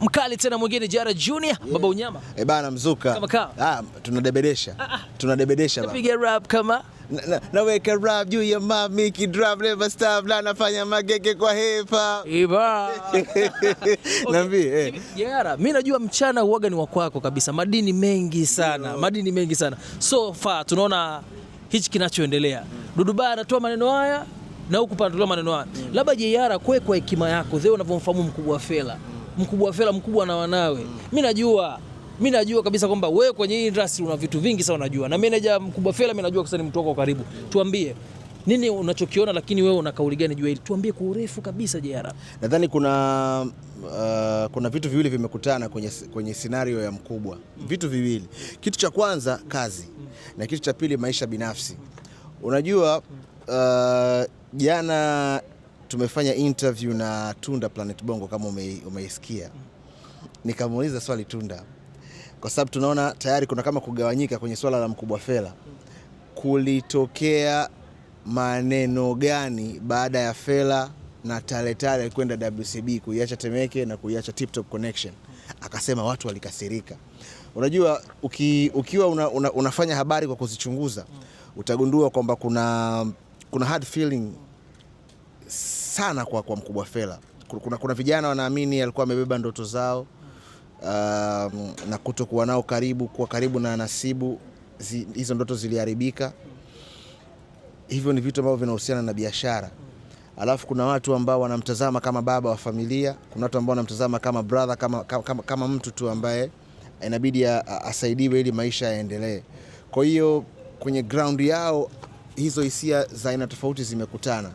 Mkali tena mwingine Jara Junior yeah. Baba Unyama eh bana mzuka kama ka. Ah, tunadebedesha ah, ah. Tunadebedesha baba, piga rap kama naweka na, na rap juu ya mami ki drop never stop la nafanya mageke kwa hepa iba nambi eh Jara, mimi najua mchana uoga ni wa kwako kabisa, madini mengi sana Yo. Madini mengi sana so far tunaona hichi kinachoendelea mm. Duduba anatoa maneno haya na huku panatoa maneno haya mm. Labda Jara, kwe kwa hekima yako, wewe unavyomfahamu mkubwa Fela mm mkubwa Fela mkubwa na wanawe mm. Mimi najua mimi najua kabisa kwamba wewe kwenye hii industry una vitu vingi sana unajua, na meneja mkubwa Fela mimi najua ni mtu wako karibu. Tuambie nini unachokiona, lakini wewe una kauli gani juu hili? Tuambie kwa urefu kabisa JR. Nadhani kuna uh, kuna vitu viwili vimekutana kwenye, kwenye scenario ya mkubwa mm. Vitu viwili, kitu cha kwanza kazi mm. na kitu cha pili maisha binafsi. Unajua uh, jana tumefanya interview na Tunda Planet Bongo kama ume, umeisikia. Nikamuuliza swali Tunda, kwa sababu tunaona tayari kuna kama kugawanyika kwenye swala la Mkubwa Fela, kulitokea maneno gani baada ya Fela na Taletale kwenda WCB kuiacha Temeke na kuiacha Tip Top Connection? Akasema watu walikasirika. Unajua uki, ukiwa una, una, unafanya habari kwa kuzichunguza utagundua kwamba kuna, kuna hard feeling sana kwa, kwa mkubwa Fela. Kuna, kuna vijana wanaamini alikuwa amebeba ndoto zao um, na kutokuwa nao karibu, kuwa karibu na Nasibu zi, hizo ndoto ziliharibika. Hivyo ni vitu ambavyo vinahusiana na biashara. Alafu kuna watu ambao wanamtazama kama baba wa familia, kuna watu ambao wanamtazama kama brother, kama, kama, kama, kama mtu tu ambaye inabidi asaidiwe ili maisha yaendelee. Kwa hiyo kwenye ground yao hizo hisia za aina tofauti zimekutana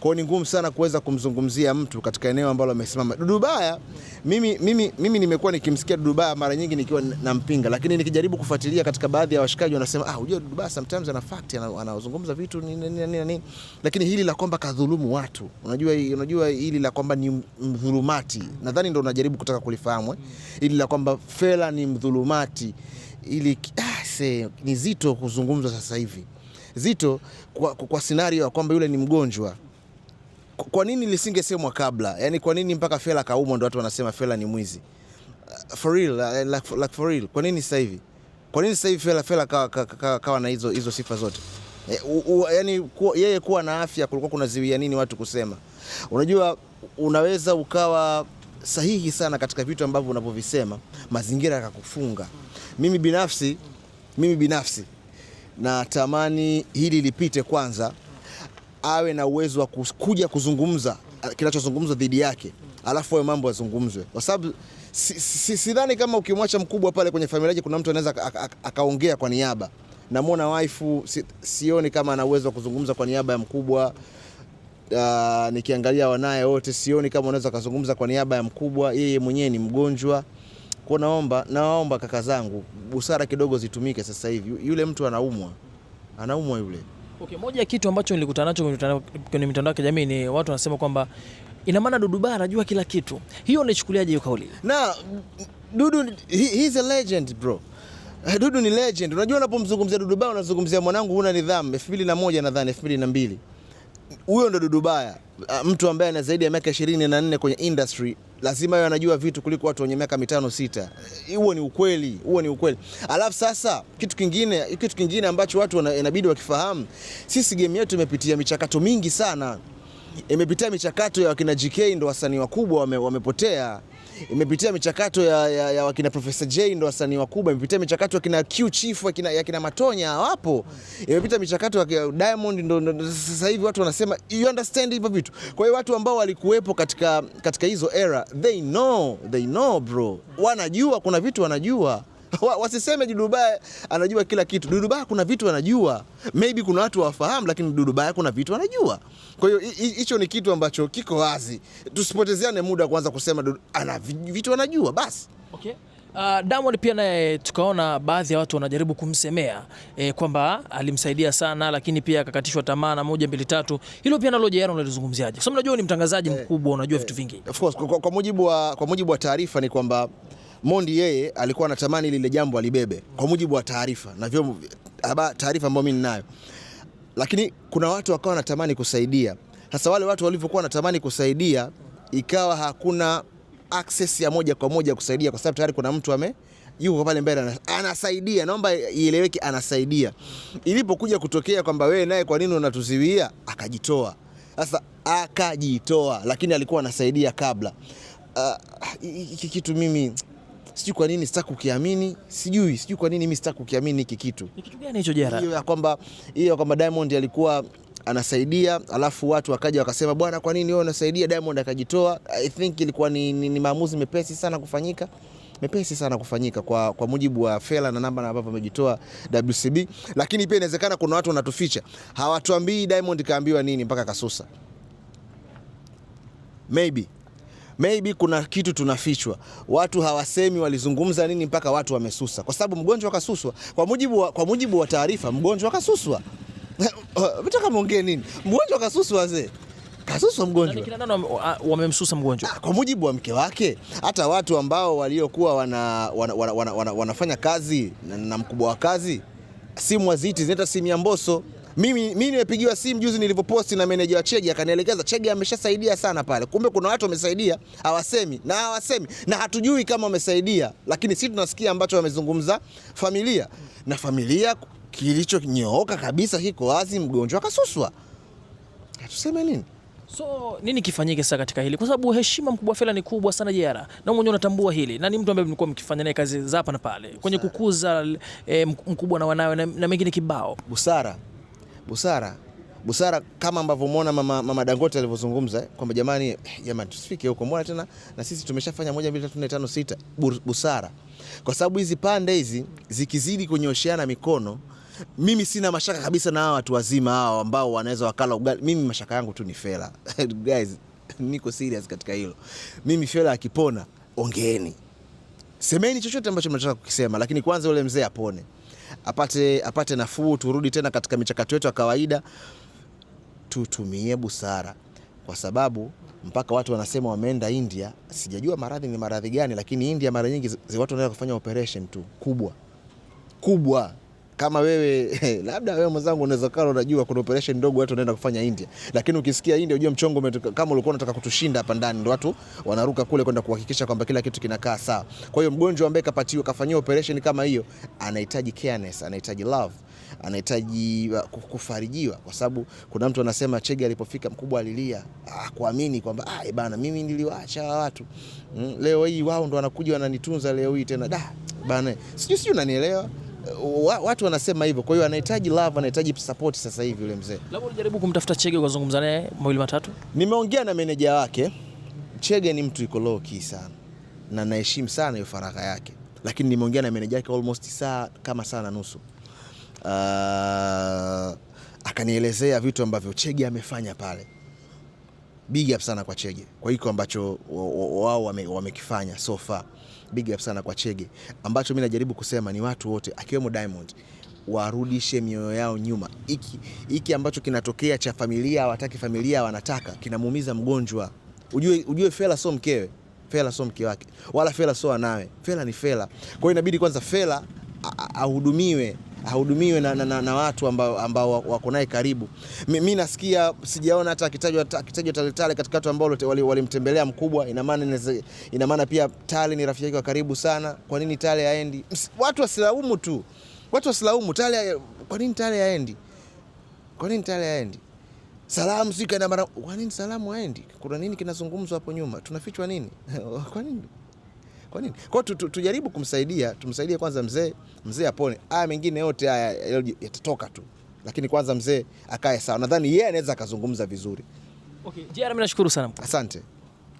kwao ni ngumu sana kuweza kumzungumzia mtu katika eneo ambalo amesimama. Dudubaya. mimi, mimi, mimi nimekuwa nikimsikia Dudubaya mara nyingi nikiwa nampinga, lakini nikijaribu kufuatilia katika baadhi ya washikaji wanasema, ah, unajua Dudubaya sometimes ana fact, anazungumza vitu nini nini nini, lakini hili la kwamba kadhulumu watu, unajua, unajua hili la kwamba ni mdhulumati, nadhani ndio unajaribu kutaka kulifahamu eh? Hili la kwamba Fela ni mdhulumati ili ah, se, ni zito kuzungumzwa sasa hivi, zito kwa, kwa scenario ya kwamba yule ni mgonjwa kwa nini lisingesemwa kabla? Yani kwa nini mpaka Fela kaumwa ndo watu wanasema Fela ni mwizi? Uh, for real, uh, like, like for real. Kwa nini sasa hivi? Kwa nini sasa hivi Fela Fela kawa, kawa, kawa na hizo hizo sifa zote? E, u, u, yani ku, yeye kuwa na afya kulikuwa ziwia nini watu kusema? Unajua unaweza ukawa sahihi sana katika vitu ambavyo unavyovisema, mazingira yakakufunga. Mimi binafsi, mimi binafsi natamani hili lipite kwanza awe na uwezo wa kuja kuzungumza eh, kinachozungumzwa dhidi yake, alafu hayo mambo yazungumzwe, kwa sababu sidhani si, si, kama ukimwacha mkubwa pale kwenye familia yake kuna mtu anaweza akaongea kwa niaba. Namwona waifu, si, sioni kama ana uwezo wa kuzungumza kwa niaba ya mkubwa. Uh, nikiangalia wanaye wote sioni kama unaweza kuzungumza kwa niaba ya mkubwa. Yeye mwenyewe ni mgonjwa. Kwa naomba naomba kaka zangu, busara kidogo zitumike sasa hivi. Yule mtu anaumwa, anaumwa yule. Okay, moja ya kitu ambacho nilikutana nacho kwenye mitandao ya kijamii ni watu wanasema kwamba ina maana Dudu Baya anajua kila kitu. Hiyo unaichukuliaje hiyo kauli? Na Dudu he, he's a legend bro. Dudu ni legend. Unajua unapomzungumzia Dudu Baya unazungumzia mwanangu huna nidhamu 2001 nadhani 2002. Huyo ndo Dudu Baya, mtu ambaye ana zaidi ya miaka 24 kwenye industry lazima yeye anajua vitu kuliko watu wenye miaka mitano sita. Huo ni ukweli, huo ni ukweli. Alafu sasa kitu kingine, kitu kingine ambacho watu inabidi wakifahamu, sisi game yetu imepitia michakato mingi sana, imepitia michakato ya wakina GK, ndo wasanii wakubwa wame, wamepotea imepitia michakato ya, ya, ya wakina Profesa J ndo wasanii wakubwa, imepitia michakato ya kina Q Chief ya kina, ya kina Matonya hawapo, imepita michakato ya Diamond ndo, ndo sasa hivi watu wanasema you understand hivyo vitu. Kwa hiyo watu ambao walikuwepo katika, katika hizo era they know, they know bro, wanajua kuna vitu wanajua wasiseme Dudubaya anajua kila kitu. Dudubaya kuna vitu anajua, maybe kuna watu wafahamu, lakini Dudubaya kuna vitu anajua. Kwa hiyo hicho ni kitu ambacho kiko wazi, tusipotezeane muda kuanza kusema Dudu ana vitu anajua basi. Okay. Uh, Diamond pia naye tukaona baadhi ya watu wanajaribu kumsemea e, kwamba alimsaidia sana lakini pia akakatishwa tamaa na moja mbili tatu. Hilo pia nalo Jayara unalizungumziaje? Kwa sababu najua ni mtangazaji eh, mkubwa, unajua eh, vitu vingi. Of course, kwa, kwa mujibu wa, kwa mujibu wa taarifa ni kwamba Mondi yeye alikuwa anatamani lile jambo alibebe kwa mujibu wa taarifa na vyombo taarifa ambayo mimi ninayo, lakini kuna watu wakawa wanatamani kusaidia. Sasa wale watu walivyokuwa wanatamani kusaidia, ikawa hakuna access ya moja kwa moja kusaidia, kwa sababu tayari kuna mtu ame yuko pale mbele anasaidia. Naomba ieleweke, anasaidia. Ilipokuja kutokea kwamba wewe naye, kwa nini unatuziwia, akajitoa. Sasa akajitoa, lakini alikuwa anasaidia kabla. Uh, kitu mimi sijui kwa nini sitaki kukiamini, sijui sijui kwa nini mimi sitaki kukiamini hiki kitu. Ni kitu gani hicho Jera? Hiyo ya kwamba hiyo kwamba Diamond alikuwa anasaidia alafu watu wakaja wakasema, bwana, kwa nini wewe unasaidia? Diamond akajitoa. I think ilikuwa ni, ni, ni maamuzi mepesi sana kufanyika mepesi sana kufanyika kwa, kwa mujibu wa Fela na namba ambavyo amejitoa WCB, lakini pia inawezekana kuna watu wanatuficha, hawatuambii Diamond kaambiwa nini mpaka kasusa maybe maybe kuna kitu tunafichwa, watu hawasemi walizungumza nini mpaka watu wamesusa, kwa sababu mgonjwa kasuswa Kwa mujibu wa, kwa mujibu wa taarifa mgonjwa kasuswa Mtaka muongee nini? Mgonjwa kasuswa zee kasuswa mgonjwa, Kina nani wamemsusa mgonjwa ah, kwa mujibu wa mke wake. Hata watu ambao waliokuwa wana, wana, wana, wana, wanafanya kazi na, na mkubwa wa kazi simu aziti zinaita simu ya Mbosso mimi mimi nimepigiwa simu juzi nilivyoposti na meneja wa Chege akanielekeza Chege ameshasaidia sana pale. Kumbe kuna watu wamesaidia hawasemi na hawasemi na hatujui kama wamesaidia, lakini sisi tunasikia ambacho wamezungumza familia na familia kilichonyooka kabisa kiko wazi, mgonjwa akasuswa. Tuseme nini? So nini kifanyike sasa katika hili, kwa sababu heshima mkubwa fela ni kubwa sana Jera, na mwenyewe unatambua hili, na ni mtu ambaye mlikuwa mkifanya naye kazi za hapa na pale kwenye kukuza e, mkubwa na wanawe na, na mengine kibao busara busara busara kama ambavyo umeona mama, mama Dangote alivyozungumza eh, kwamba jamani, jamani tusifike huko, mbona tena na sisi tumeshafanya moja mbili tatu nne tano sita. Busara kwa sababu hizi pande hizi zikizidi kunyosheana mikono, mimi sina mashaka kabisa na hawa watu wazima hawa ambao wanaweza wakala ugali. Mimi mashaka yangu tu ni Fela guys, niko serious katika hilo. Mimi Fela akipona, ongeeni, semeni chochote ambacho mnataka kukisema, lakini kwanza yule mzee apone apate, apate nafuu, turudi tena katika michakato yetu ya kawaida. Tutumie busara, kwa sababu mpaka watu wanasema wameenda India. Sijajua maradhi ni maradhi gani, lakini India mara nyingi watu wanaweza kufanya operation tu kubwa kubwa kama wewe labda wewe mwenzangu unaweza kana unajua kuna operation ndogo watu wanaenda kufanya India, lakini ukisikia India unajua mchongo umetoka, kama ulikuwa unataka kutushinda hapa ndani, ndio watu wanaruka kule kwenda kuhakikisha kwamba kila kitu kinakaa sawa. Kwa hiyo mgonjwa ambaye kapatiwa kafanyiwa operation kama hiyo anahitaji careness, anahitaji love, anahitaji uh, kufarijiwa, kwa sababu kuna mtu anasema Chege alipofika mkubwa alilia ah, kuamini kwamba ah, eh, bana mimi niliwaacha watu mm, leo hii wao ndo wanakuja wananitunza leo hii tena da bana, sijui sijui, unanielewa? watu wanasema hivyo, kwa hiyo anahitaji love, anahitaji support sasa hivi yule mzee. Labda unajaribu kumtafuta Chege ukazungumza naye mawili matatu. Nimeongea na meneja wake. Chege ni mtu yuko low key sana na naheshimu sana hiyo faragha yake, lakini nimeongea na meneja wake almost saa kama saa na nusu. Uh, akanielezea vitu ambavyo Chege amefanya pale. Big up sana kwa Chege kwa hiko ambacho wao wamekifanya wame so far big up sana kwa Chege. Ambacho mimi najaribu kusema ni watu wote akiwemo Diamond warudishe mioyo yao nyuma. Hiki hiki ambacho kinatokea cha familia hawataki, familia wanataka, kinamuumiza mgonjwa. Ujue, ujue Fela sio mkewe, Fela sio mke wake, wala Fela sio anawe. Fela ni Fela. Kwa hiyo inabidi kwanza Fela ahudumiwe ahudumiwe na, na, na, na watu ambao ambao wako naye karibu. Mimi nasikia sijaona hata akitajwa akitajwa Tale Tale katika watu ambao walimtembelea wali mkubwa. Ina maana ina maana pia Tale ni rafiki yake wa karibu sana. Kwa nini Tale haendi? Watu wasilaumu tu, watu wasilaumu Tale. Kwa nini Tale haendi? Kwa nini Tale haendi? Salamu sika na mara, kwa nini salamu haendi? Kuna nini kinazungumzwa hapo nyuma? Tunafichwa nini? kwa nini? Kwa nini? Kwa hiyo tujaribu kumsaidia, tumsaidie kwanza mzee, mzee apone. Haya mengine yote haya yatatoka tu, lakini kwanza mzee akae sawa. Nadhani yeye anaweza akazungumza vizuri. Okay, JR, mimi nashukuru sana. Asante.